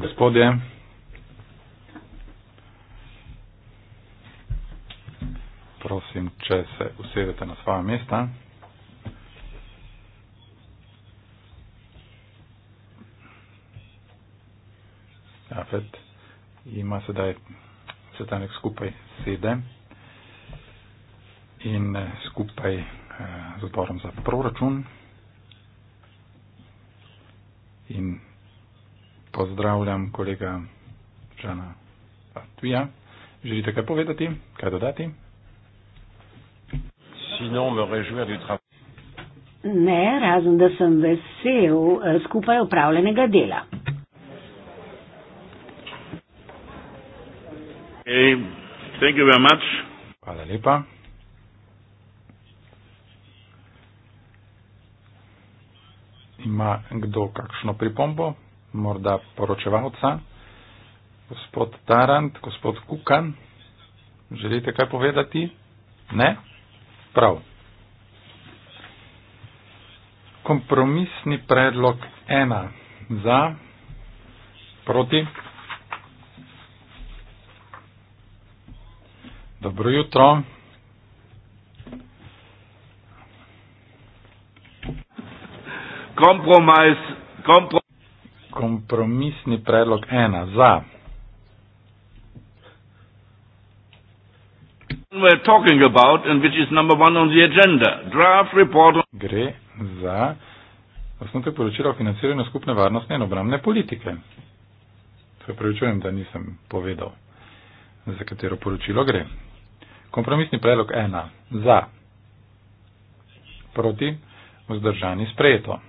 Gospodje, prosim, če se usedete na svoje mesta. Jafet ima sedaj svetanek skupaj sede in skupaj eh, z odborom za proračun in pozdravljam kolega Žana Patuja. Želite kaj povedati, kaj dodati? Sinon, me rejuje du travo. Ne, razen da sem vesel eh, skupaj upravljenega dela. Hey, thank you very much. Hvala lepa. ima kdo kakšno pripombo, morda poročevalca, gospod Tarant, gospod Kukan, želite kaj povedati? Ne? Prav. Kompromisni predlog ena za, proti. Dobro jutro. kompromis, komprom kompromisni predlog ena za. We're talking about and which is number one on the agenda. Draft report on Gre za osnutek poročila o financiranju skupne varnostne in obramne politike. Se pravičujem, da nisem povedal, za katero poročilo gre. Kompromisni predlog ena za. Proti vzdržani sprejeto.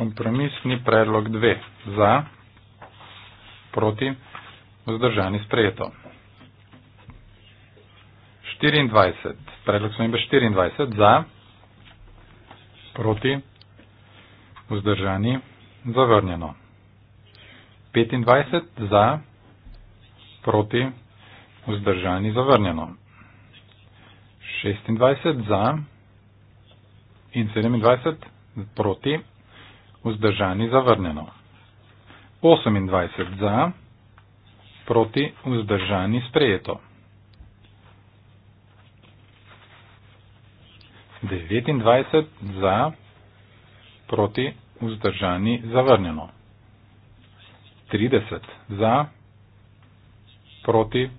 kompromisni predlog 2 za, proti, vzdržani sprejeto. 24. Predlog smo 24 za, proti, vzdržani, zavrnjeno. 25 za, proti, vzdržani, zavrnjeno. 26 za in 27 proti vzdržani zavrnjeno. 28 za, proti vzdržani sprejeto. 29 za, proti vzdržani zavrnjeno. 30 za, proti,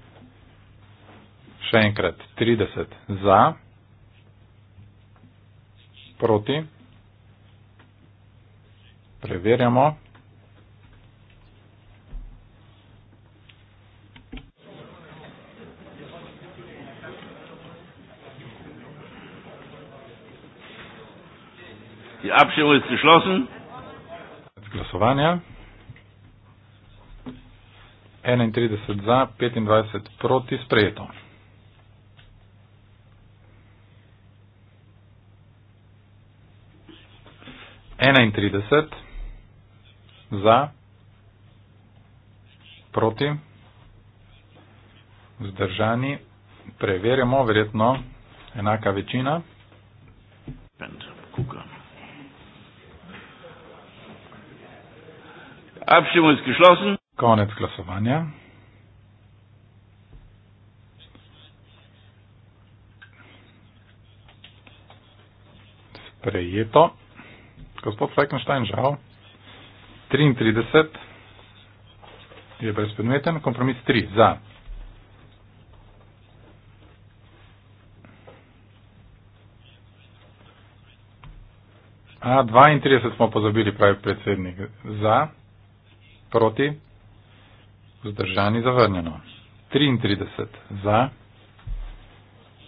še enkrat 30 za, proti, preverjamo. Die Abstimmung ist geschlossen. Glasovanje. 31 za, 25 proti sprejeto. Enaintrideset, za, proti, vzdržani, preverjamo, verjetno enaka večina. Konec glasovanja. Sprejeto. Gospod Feckenstein, žal. 33 je brezpredmeten, kompromis 3 za. A 32 smo pozabili, pravi predsednik, za, proti, vzdržani, zavrnjeno. 33 za,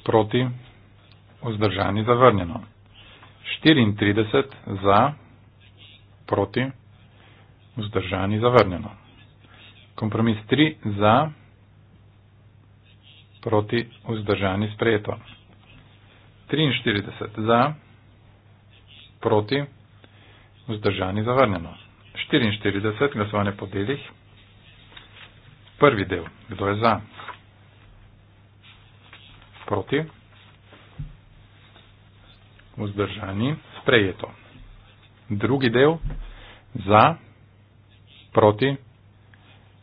proti, vzdržani, zavrnjeno. 34 za, proti, vzdržani, zavrnjeno vzdržani zavrnjeno. Kompromis 3 za proti vzdržani sprejeto. 43 za proti vzdržani zavrnjeno. 44 glasovanje po delih. Prvi del, kdo je za? Proti. Vzdržani sprejeto. Drugi del za proti,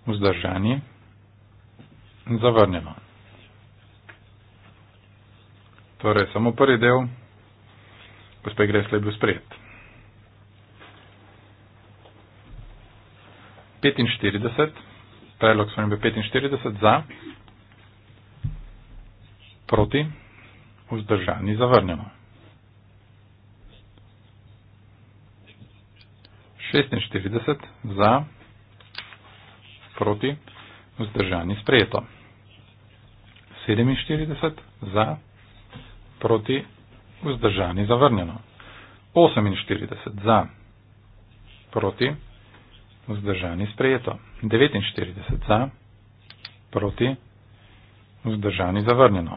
vzdržani, zavrnjeno. Torej, samo prvi del, gospod Gresle je bil sprejet. 45, predlog so imeli 45 za, proti, vzdržani, zavrnjeno. 46 za, proti, vzdržani sprejeto. 47 za, proti, vzdržani zavrnjeno. 48 za, proti, vzdržani sprejeto. 49 za, proti, vzdržani zavrnjeno.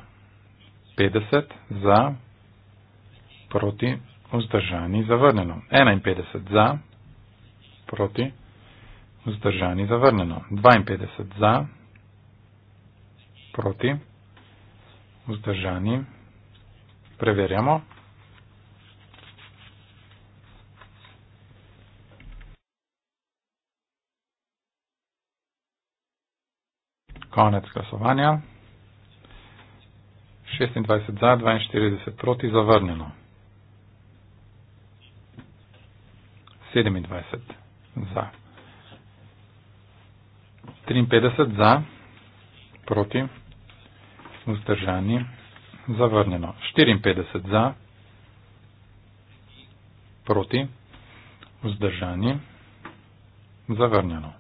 50 za, proti, vzdržani zavrnjeno. 51 za, proti, vzdržani zavrnjeno vzdržani zavrnjeno. 52 za, proti, vzdržani, preverjamo. Konec glasovanja. 26 za, 42 proti, zavrnjeno. 27 za. 53 za, proti, vzdržani, zavrnjeno. 54 za, proti, vzdržani, zavrnjeno.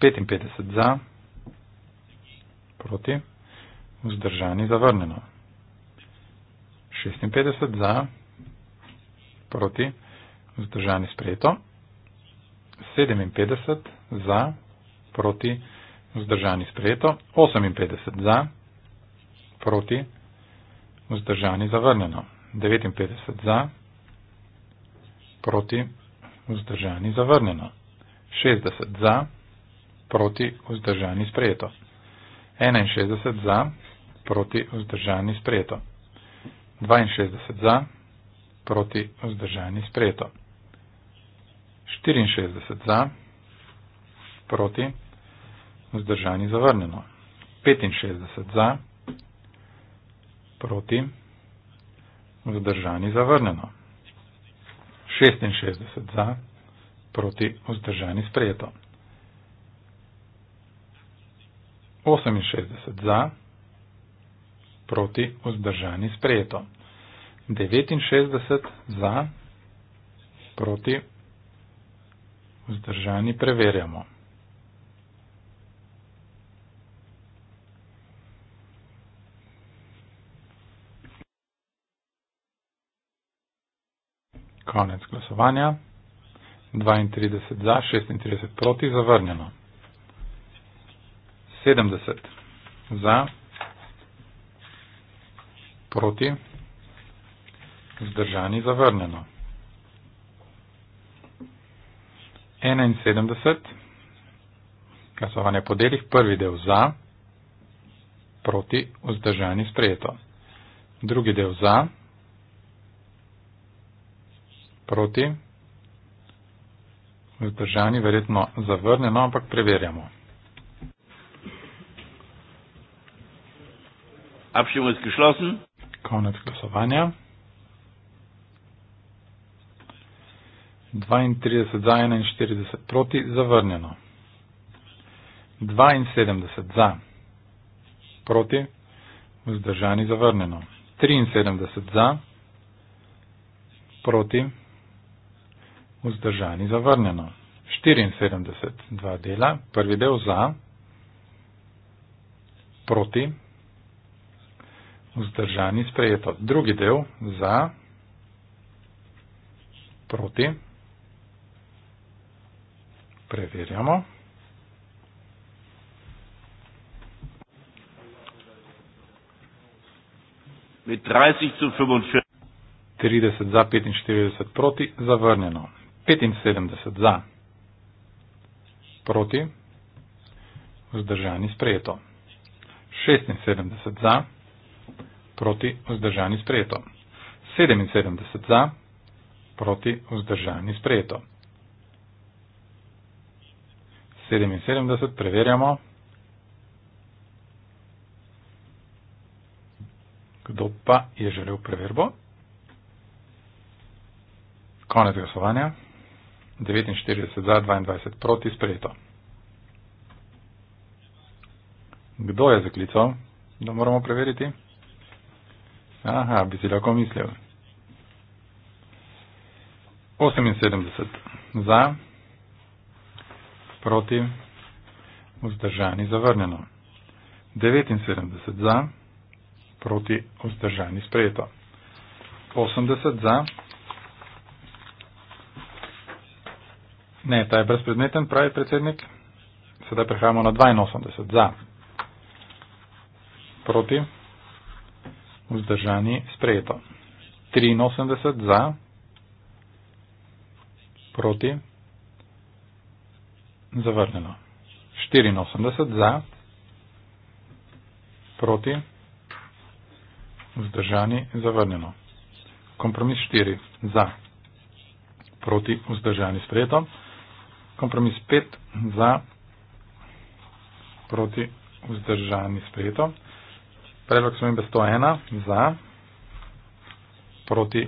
55 za, proti, vzdržani, zavrnjeno. 56 za, proti, vzdržani, sprejeto. 57 za, proti, vzdržani, sprejeto proti, vzdržani sprejeto, 58 za, proti, vzdržani zavrnjeno, 59 za, proti, vzdržani zavrnjeno, 60 za, proti, vzdržani sprejeto, 61 za, proti, vzdržani sprejeto, 62 za, proti, vzdržani sprejeto, 64 za, proti, vzdržani sprejeto, vzdržani zavrnjeno. 65 za, proti, vzdržani zavrnjeno. 66 za, proti, vzdržani sprejeto. 68 za, proti, vzdržani sprejeto. 69 za, proti, vzdržani preverjamo. Konec glasovanja. 32 za, 36 proti, zavrnjeno. 70 za, proti, zdržani, zavrnjeno. 71, glasovanje po delih, prvi del za, proti, vzdržani, sprejeto. Drugi del za, proti, vzdržani verjetno zavrnjeno, ampak preverjamo. Konec glasovanja. 32 za 41 proti, zavrnjeno. 72 za, proti, vzdržani zavrnjeno. 73 za, proti, vzdržani zavrnjeno. 74 dva dela, prvi del za, proti, vzdržani sprejeto. Drugi del za, proti, preverjamo. Med 30 do 45. 30 za 45 proti, zavrnjeno. 75 za, proti, vzdržani sprejeto. 76 za, proti, vzdržani sprejeto. 77 za, proti, vzdržani sprejeto. 77 preverjamo, kdo pa je želel preverbo. Konec glasovanja. 49 za, 22 proti sprejeto. Kdo je zaklical, da moramo preveriti? Aha, bi si lahko mislil. 78 za, proti, vzdržani, zavrnjeno. 79 za, proti, vzdržani, sprejeto. 80 za, Ne, ta je brezpredmeten, pravi predsednik. Sedaj prehajamo na 82. Za. Proti. Vzdržani. Sprejeto. 83. Za. Proti. Zavrnjeno. 84. Za. Proti. Vzdržani. Zavrnjeno. Kompromis 4. Za. Proti. Vzdržani. Sprejeto. Kompromis 5 za proti vzdržani sprejeto. Predlog spremembe 101 za proti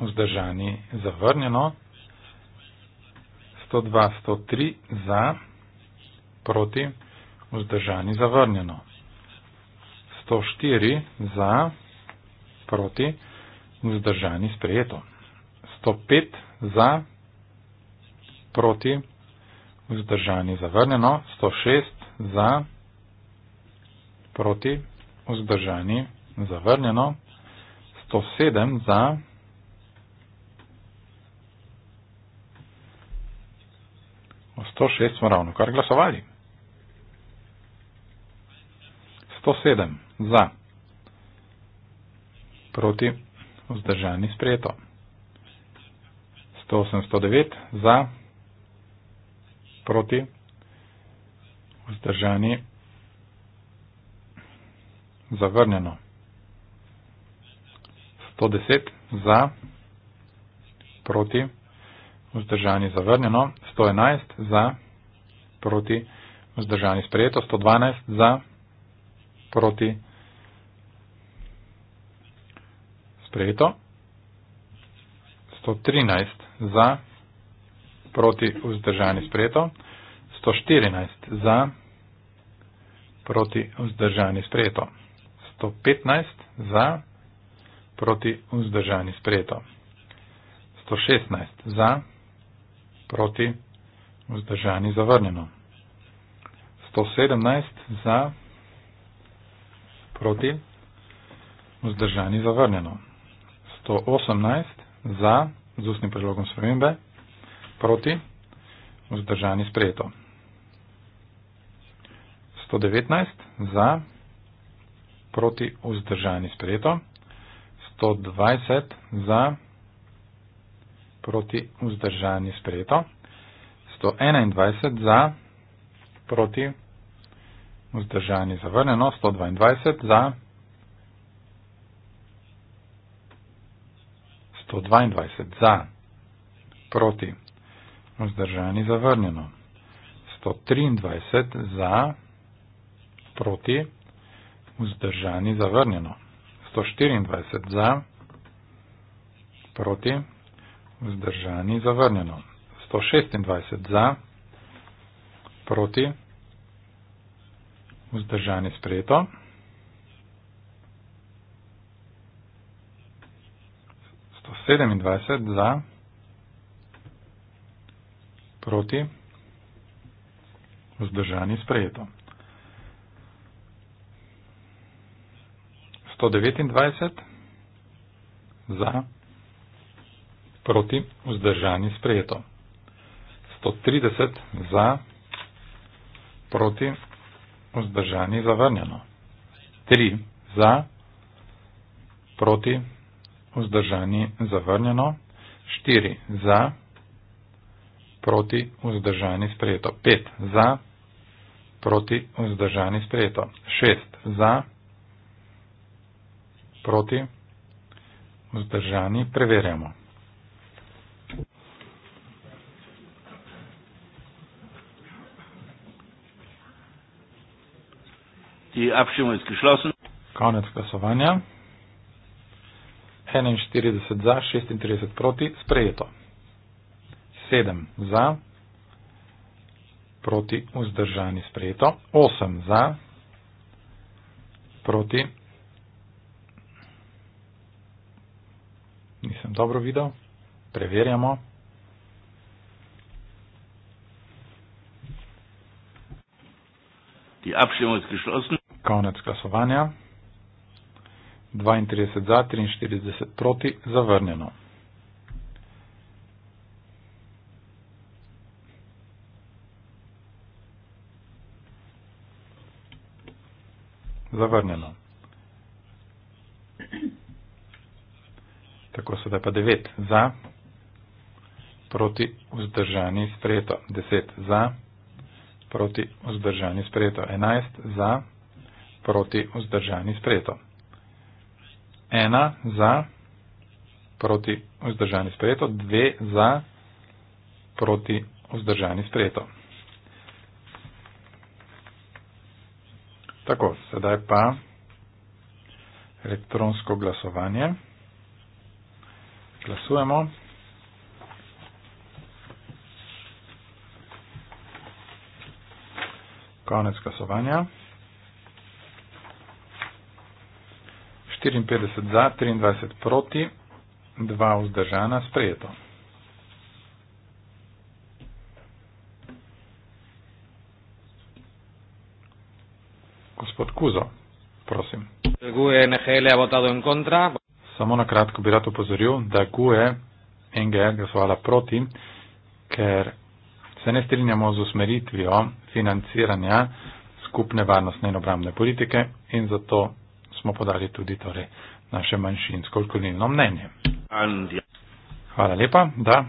vzdržani zavrnjeno. 102-103 za proti vzdržani zavrnjeno. 104 za proti vzdržani sprejeto. 105 za proti vzdržani zavrnjeno vzdržani, zavrnjeno, 106 za, proti, vzdržani, zavrnjeno, 107 za, o 106 smo ravno kar glasovali. 107 za, proti, vzdržani, sprejeto. 108, 109 za, proti, vzdržani, zavrnjeno. 110 za, proti, vzdržani, zavrnjeno. 111 za, proti, vzdržani, sprejeto. 112 za, proti, sprejeto. 113 za, proti proti vzdržani sprejeto, 114 za, proti vzdržani sprejeto, 115 za, proti vzdržani sprejeto, 116 za, proti vzdržani zavrnjeno, 117 za, proti vzdržani zavrnjeno, 118 za, z ustnim predlogom spremembe, proti, vzdržani sprejeto. 119 za, proti, vzdržani sprejeto. 120 za, proti, vzdržani sprejeto. 121 za, proti, vzdržani zavrnjeno. 122 za. 122 za, proti, vzdržani zavrnjeno. 123 za, proti, vzdržani zavrnjeno. 124 za, proti, vzdržani zavrnjeno. 126 za, proti, vzdržani sprejeto. 127 za, proti, vzdržani sprejeto. Proti. Vzdržani sprejeto. 129. Za. Proti. Vzdržani sprejeto. 130. Za. Proti. Vzdržani zavrnjeno. 3. Za. Proti. Vzdržani zavrnjeno. 4. Za. Proti proti, vzdržani, sprejeto. 5 za, proti, vzdržani, sprejeto. 6 za, proti, vzdržani, preverjamo. Konec glasovanja. 41 za, 36 proti, sprejeto. 7 za, proti vzdržani sprejeto, 8 za, proti, nisem dobro videl, preverjamo. Konec glasovanja. 32 za, 43 proti, zavrnjeno. zavrnjeno. Tako so da pa 9 za, proti vzdržani sprejeto. 10 za, proti vzdržani sprejeto. 11 za, proti vzdržani sprejeto. 1 za, proti vzdržani sprejeto. 2 za, proti vzdržani sprejeto. Tako, sedaj pa elektronsko glasovanje. Glasujemo. Konec glasovanja. 54 za, 23 proti, 2 vzdržana, sprejeto. Sirakuzo. Prosim. GUE NHL ha votado en contra. Samo na kratko bi rad upozoril, da GUE NGL glasovala proti, ker se ne strinjamo z usmeritvijo financiranja skupne varnostne in obramne politike in zato smo podali tudi torej naše manjšinsko okolnilno mnenje. Hvala lepa, da.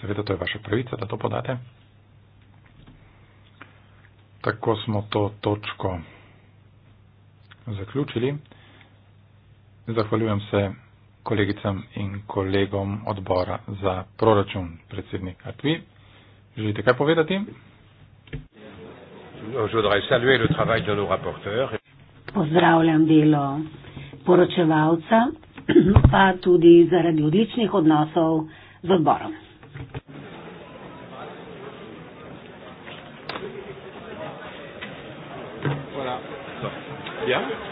Seveda to je vaša pravica, da to podate. Tako smo to točko zaključili. Zahvaljujem se kolegicam in kolegom odbora za proračun, predsednik Atvi. Želite kaj povedati? No, Pozdravljam delo poročevalca, pa tudi zaradi odličnih odnosov z odborom. ja.